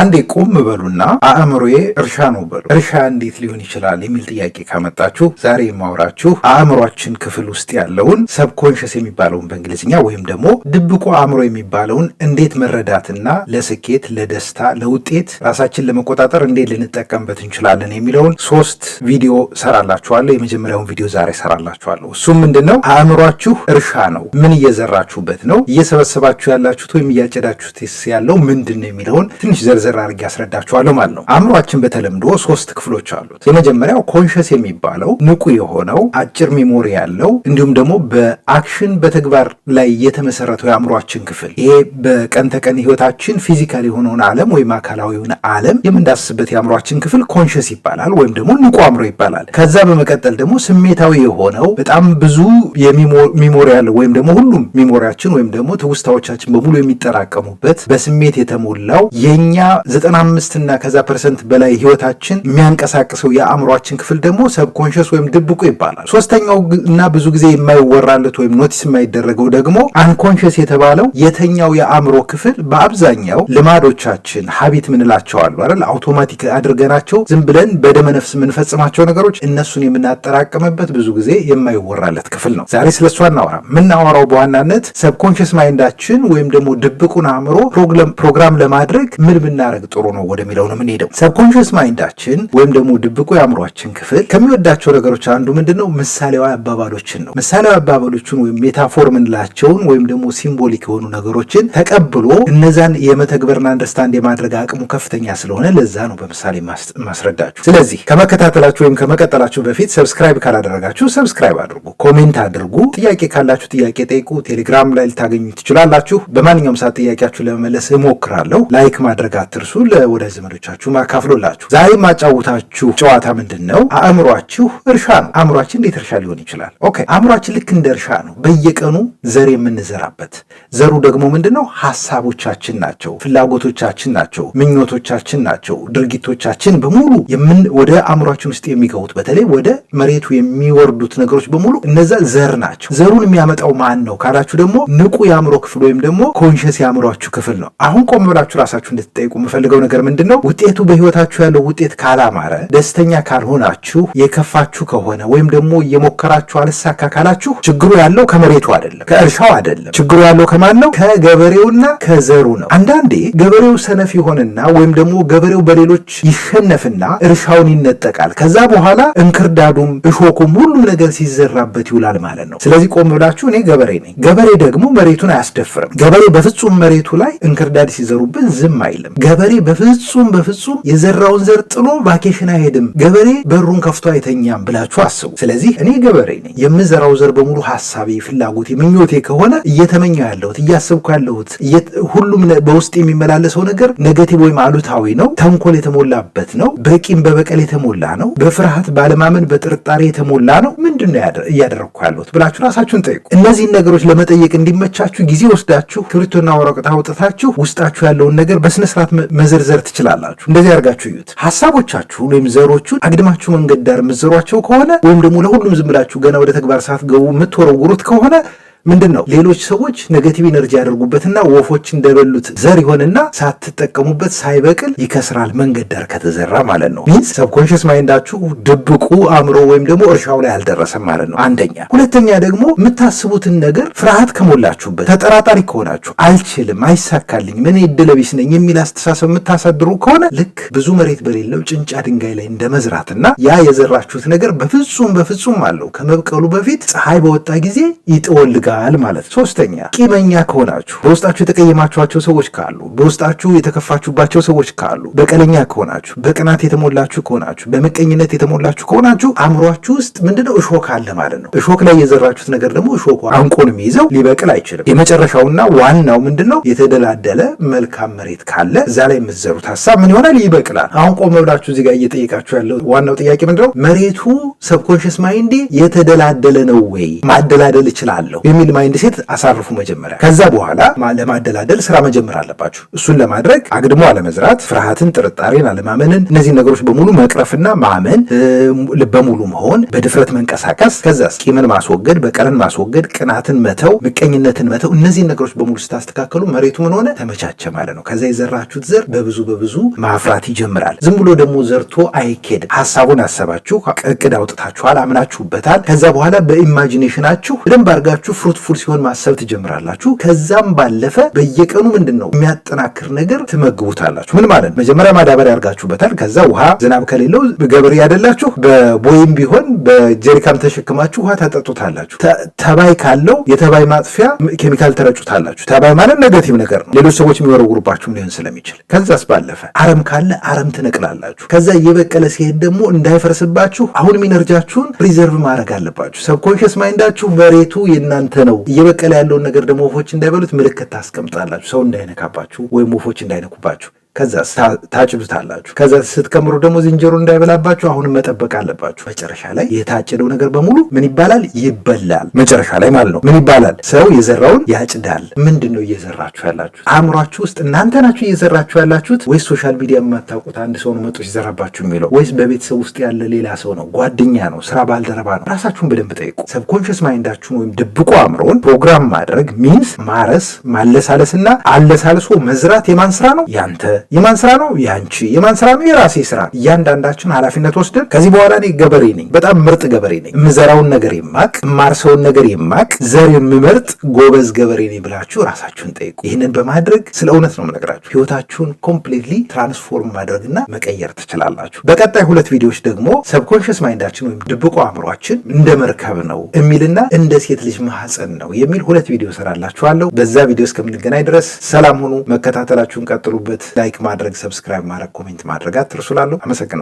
አንዴ ቁም በሉና አእምሮዬ እርሻ ነው በሉ። እርሻ እንዴት ሊሆን ይችላል የሚል ጥያቄ ካመጣችሁ ዛሬ የማውራችሁ አእምሯችን ክፍል ውስጥ ያለውን ሰብኮንሽስ የሚባለውን በእንግሊዝኛ ወይም ደግሞ ድብቁ አእምሮ የሚባለውን እንዴት መረዳትና ለስኬት፣ ለደስታ፣ ለውጤት ራሳችን ለመቆጣጠር እንዴት ልንጠቀምበት እንችላለን የሚለውን ሶስት ቪዲዮ ሰራላችኋለሁ። የመጀመሪያውን ቪዲዮ ዛሬ ሰራላችኋለሁ። እሱም ምንድን ነው? አእምሯችሁ እርሻ ነው። ምን እየዘራችሁበት ነው? እየሰበሰባችሁ ያላችሁት ወይም እያጨዳችሁት ያለው ምንድን ነው የሚለውን ትንሽ ዘርዝ ዘርዘር አድርጌ ያስረዳችኋለሁ ማለት ነው። አእምሯችን በተለምዶ ሶስት ክፍሎች አሉት። የመጀመሪያው ኮንሸስ የሚባለው ንቁ የሆነው አጭር ሚሞሪ ያለው እንዲሁም ደግሞ በአክሽን በተግባር ላይ የተመሰረተው የአእምሯችን ክፍል ይሄ በቀን ተቀን ህይወታችን ፊዚካል የሆነውን ዓለም ወይም አካላዊውን ዓለም የምንዳስስበት የአእምሯችን ክፍል ኮንሸስ ይባላል ወይም ደግሞ ንቁ አእምሮ ይባላል። ከዛ በመቀጠል ደግሞ ስሜታዊ የሆነው በጣም ብዙ ሚሞሪ ያለው ወይም ደግሞ ሁሉም ሚሞሪያችን ወይም ደግሞ ትውስታዎቻችን በሙሉ የሚጠራቀሙበት በስሜት የተሞላው የእኛ ዘጠና 95 እና ከዛ ፐርሰንት በላይ ህይወታችን የሚያንቀሳቅሰው የአእምሯችን ክፍል ደግሞ ሰብኮንሽስ ወይም ድብቁ ይባላል። ሶስተኛው እና ብዙ ጊዜ የማይወራለት ወይም ኖቲስ የማይደረገው ደግሞ አንኮንሽስ የተባለው የተኛው የአእምሮ ክፍል በአብዛኛው ልማዶቻችን ሀቢት ምንላቸዋሉ አይደል አውቶማቲክ አድርገናቸው ዝም ብለን ነፍስ የምንፈጽማቸው ነገሮች እነሱን የምናጠራቅምበት ብዙ ጊዜ የማይወራለት ክፍል ነው። ዛሬ እሷ እናወራ የምናወራው በዋናነት ሰብኮንሽስ ማይንዳችን ወይም ደግሞ ድብቁን አእምሮ ፕሮግራም ለማድረግ ምን ብናደረግ ጥሩ ነው ወደሚለው ነው የምንሄደው። ሰብኮንሽስ ማይንዳችን ወይም ደግሞ ድብቁ የአእምሯችን ክፍል ከሚወዳቸው ነገሮች አንዱ ምንድን ነው? ምሳሌያዊ አባባሎችን ነው። ምሳሌያዊ አባባሎችን ወይም ሜታፎር ምንላቸውን ወይም ደግሞ ሲምቦሊክ የሆኑ ነገሮችን ተቀብሎ እነዛን የመተግበርና አንደርስታንድ የማድረግ አቅሙ ከፍተኛ ስለሆነ ለዛ ነው በምሳሌ ማስረዳችሁ። ስለዚህ ከመከታተላችሁ ወይም ከመቀጠላችሁ በፊት ሰብስክራይብ ካላደረጋችሁ ሰብስክራይብ አድርጉ፣ ኮሜንት አድርጉ፣ ጥያቄ ካላችሁ ጥያቄ ጠይቁ። ቴሌግራም ላይ ልታገኙ ትችላላችሁ። በማንኛውም ሰዓት ጥያቄያችሁ ለመመለስ እሞክራለሁ። ላይክ ማድረግ እርሱ ለወዳጅ ዘመዶቻችሁ ማካፍሎላችሁ። ዛሬ ማጫወታችሁ ጨዋታ ምንድን ነው? አእምሯችሁ እርሻ ነው። አእምሯችን እንዴት እርሻ ሊሆን ይችላል? ኦኬ አእምሯችን ልክ እንደ እርሻ ነው። በየቀኑ ዘር የምንዘራበት ዘሩ ደግሞ ምንድን ነው? ሀሳቦቻችን ናቸው፣ ፍላጎቶቻችን ናቸው፣ ምኞቶቻችን ናቸው። ድርጊቶቻችን በሙሉ ወደ አእምሯችን ውስጥ የሚገቡት በተለይ ወደ መሬቱ የሚወርዱት ነገሮች በሙሉ እነዛ ዘር ናቸው። ዘሩን የሚያመጣው ማን ነው ካላችሁ ደግሞ ንቁ የአእምሮ ክፍል ወይም ደግሞ ኮንሽስ የአእምሯችሁ ክፍል ነው። አሁን ቆም ብላችሁ ራሳችሁ እንድትጠይቁ የምፈልገው ነገር ምንድን ነው? ውጤቱ በህይወታችሁ ያለው ውጤት ካላማረ፣ ደስተኛ ካልሆናችሁ፣ የከፋችሁ ከሆነ ወይም ደግሞ እየሞከራችሁ አልሳካ ካላችሁ ችግሩ ያለው ከመሬቱ አይደለም፣ ከእርሻው አይደለም። ችግሩ ያለው ከማን ነው? ከገበሬውና ከዘሩ ነው። አንዳንዴ ገበሬው ሰነፍ ይሆንና ወይም ደግሞ ገበሬው በሌሎች ይሸነፍና እርሻውን ይነጠቃል። ከዛ በኋላ እንክርዳዱም እሾኩም ሁሉም ነገር ሲዘራበት ይውላል ማለት ነው። ስለዚህ ቆም ብላችሁ እኔ ገበሬ ነኝ፣ ገበሬ ደግሞ መሬቱን አያስደፍርም። ገበሬ በፍጹም መሬቱ ላይ እንክርዳድ ሲዘሩብን ዝም አይልም። ገበሬ በፍጹም በፍጹም የዘራውን ዘር ጥሎ ቫኬሽን አይሄድም፣ ገበሬ በሩን ከፍቶ አይተኛም ብላችሁ አስቡ። ስለዚህ እኔ ገበሬ ነኝ። የምዘራው ዘር በሙሉ ሀሳቤ፣ ፍላጎቴ፣ ምኞቴ ከሆነ እየተመኘው ያለሁት እያሰብኩ ያለሁት ሁሉም በውስጥ የሚመላለሰው ነገር ነገቲቭ ወይም አሉታዊ ነው፣ ተንኮል የተሞላበት ነው፣ በቂም በበቀል የተሞላ ነው፣ በፍርሃት ባለማመን በጥርጣሬ የተሞላ ነው። ምንድን ነው እያደረግኩ ያለሁት ብላችሁ ራሳችሁን ጠይቁ። እነዚህን ነገሮች ለመጠየቅ እንዲመቻችሁ ጊዜ ወስዳችሁ ክሪቶና ወረቀት አውጥታችሁ ውስጣችሁ ያለውን ነገር በስነስርዓት መዘርዘር ትችላላችሁ። እንደዚህ አድርጋችሁ እዩት። ሀሳቦቻችሁን ወይም ዘሮቹን አግድማችሁ መንገድ ዳር የምትዘሯቸው ከሆነ ወይም ደግሞ ለሁሉም ዝም ብላችሁ ገና ወደ ተግባር ሳትገቡ የምትወረውሩት ከሆነ ምንድን ነው ሌሎች ሰዎች ኔጋቲቭ ኢነርጂ ያደርጉበትና ወፎች እንደበሉት ዘር ይሆንና ሳትጠቀሙበት ሳይበቅል ይከስራል፣ መንገድ ዳር ከተዘራ ማለት ነው። ሚንስ ሰብኮንሽስ ማይንዳችሁ ድብቁ አእምሮ ወይም ደግሞ እርሻው ላይ አልደረሰም ማለት ነው። አንደኛ። ሁለተኛ ደግሞ የምታስቡትን ነገር ፍርሃት ከሞላችሁበት፣ ተጠራጣሪ ከሆናችሁ፣ አልችልም፣ አይሳካልኝ ምን እድለቢስ ነኝ የሚል አስተሳሰብ የምታሳድሩ ከሆነ ልክ ብዙ መሬት በሌለው ጭንጫ ድንጋይ ላይ እንደመዝራትና ያ የዘራችሁት ነገር በፍጹም በፍጹም አለው ከመብቀሉ በፊት ፀሐይ በወጣ ጊዜ ይጠወልጋል ያደርጋል ማለት ነው። ሶስተኛ ቂመኛ ከሆናችሁ በውስጣችሁ የተቀየማችኋቸው ሰዎች ካሉ፣ በውስጣችሁ የተከፋችሁባቸው ሰዎች ካሉ፣ በቀለኛ ከሆናችሁ፣ በቅናት የተሞላችሁ ከሆናችሁ፣ በምቀኝነት የተሞላችሁ ከሆናችሁ አእምሯችሁ ውስጥ ምንድነው እሾክ አለ ማለት ነው። እሾክ ላይ የዘራችሁት ነገር ደግሞ እሾኩ አንቆን የሚይዘው ሊበቅል አይችልም። የመጨረሻውና ዋናው ምንድነው የተደላደለ መልካም መሬት ካለ እዛ ላይ የምትዘሩት ሀሳብ ምን ይሆናል? ይበቅላል። አሁን ቆም ብላችሁ እዚህ ጋር እየጠየቃችሁ ያለው ዋናው ጥያቄ ምንድነው? መሬቱ ሰብኮንሽስ ማይንዴ የተደላደለ ነው ወይ? ማደላደል እችላለሁ የሚል ማይንድ ሴት አሳርፉ መጀመሪያ። ከዛ በኋላ ለማደላደል ስራ መጀመር አለባችሁ። እሱን ለማድረግ አግድሞ አለመዝራት፣ ፍርሃትን፣ ጥርጣሬን፣ አለማመንን እነዚህ ነገሮች በሙሉ መቅረፍና ማመን፣ በሙሉ መሆን፣ በድፍረት መንቀሳቀስ፣ ከዛ ቂምን ማስወገድ፣ በቀልን ማስወገድ፣ ቅናትን መተው፣ ምቀኝነትን መተው። እነዚህ ነገሮች በሙሉ ስታስተካከሉ መሬቱ ምን ሆነ? ተመቻቸ ማለት ነው። ከዛ የዘራችሁት ዘር በብዙ በብዙ ማፍራት ይጀምራል። ዝም ብሎ ደግሞ ዘርቶ አይኬድ። ሀሳቡን አሰባችሁ፣ እቅድ አውጥታችኋል፣ አምናችሁበታል። ከዛ በኋላ በኢማጂኔሽናችሁ በደንብ አድርጋችሁ ፍሩትፉል ሲሆን ማሰብ ትጀምራላችሁ። ከዛም ባለፈ በየቀኑ ምንድን ነው የሚያጠናክር ነገር ትመግቡታላችሁ። ምን ማለት ነው? መጀመሪያ ማዳበሪያ አድርጋችሁበታል። ከዛ ውሃ፣ ዝናብ ከሌለው ገበሬ ያደላችሁ በቦይም ቢሆን በጀሪካም ተሸክማችሁ ውሃ ታጠጡታላችሁ። ተባይ ካለው የተባይ ማጥፊያ ኬሚካል ተረጩታላችሁ። ተባይ ማለት ነገቲቭ ነገር ነው። ሌሎች ሰዎች የሚወረውሩባችሁም ሊሆን ስለሚችል ከዛስ ባለፈ አረም ካለ አረም ትነቅላላችሁ። ከዛ እየበቀለ ሲሄድ ደግሞ እንዳይፈርስባችሁ አሁንም ኢነርጃችሁን ሪዘርቭ ማድረግ አለባችሁ። ሰብኮንሽስ ማይንዳችሁ መሬቱ የእናንተ ነው። እየበቀለ ያለውን ነገር ደግሞ ወፎች እንዳይበሉት ምልክት ታስቀምጣላችሁ፣ ሰው እንዳይነካባችሁ ወይም ወፎች እንዳይነኩባችሁ ከዛ ታጭዱታላችሁ። ከዛ ስትከምሩ ደግሞ ዝንጀሮ እንዳይበላባችሁ አሁንም መጠበቅ አለባችሁ። መጨረሻ ላይ የታጨደው ነገር በሙሉ ምን ይባላል? ይበላል። መጨረሻ ላይ ማለት ነው። ምን ይባላል? ሰው የዘራውን ያጭዳል። ምንድን ነው እየዘራችሁ ያላችሁት? አእምሯችሁ ውስጥ እናንተ ናችሁ እየዘራችሁ ያላችሁት፣ ወይስ ሶሻል ሚዲያ የማታውቁት አንድ ሰው ነው መጦ ሲዘራባችሁ የሚለው፣ ወይስ በቤተሰብ ውስጥ ያለ ሌላ ሰው ነው? ጓደኛ ነው? ስራ ባልደረባ ነው? ራሳችሁን በደንብ ጠይቁ። ሰብኮንሽስ ማይንዳችሁን ወይም ድብቁ አእምሮን ፕሮግራም ማድረግ ሚንስ ማረስ ማለሳለስና አለሳልሶ መዝራት የማን ስራ ነው? ያንተ የማን ስራ ነው? ያንቺ። የማን ስራ ነው? የራሴ ስራ። እያንዳንዳችን ኃላፊነት ወስደን ከዚህ በኋላ እኔ ገበሬ ነኝ፣ በጣም ምርጥ ገበሬ ነኝ፣ የምዘራውን ነገር የማቅ የማርሰውን ነገር የማቅ ዘር የምመርጥ ጎበዝ ገበሬ ነኝ ብላችሁ ራሳችሁን ጠይቁ። ይህንን በማድረግ ስለ እውነት ነው የምነግራችሁ ህይወታችሁን ኮምፕሊትሊ ትራንስፎርም ማድረግና መቀየር ትችላላችሁ። በቀጣይ ሁለት ቪዲዮዎች ደግሞ ሰብኮንሽስ ማይንዳችን ወይም ድብቆ አእምሯችን እንደ መርከብ ነው የሚልና እንደ ሴት ልጅ ማህፀን ነው የሚል ሁለት ቪዲዮ ሰራላችኋለሁ። በዛ ቪዲዮ እስከምንገናኝ ድረስ ሰላም ሁኑ። መከታተላችሁን ቀጥሉበት ላይ ላይክ ማድረግ፣ ሰብስክራይብ ማድረግ፣ ኮሜንት ማድረግ አትርሱ። ላለሁ አመሰግናለሁ።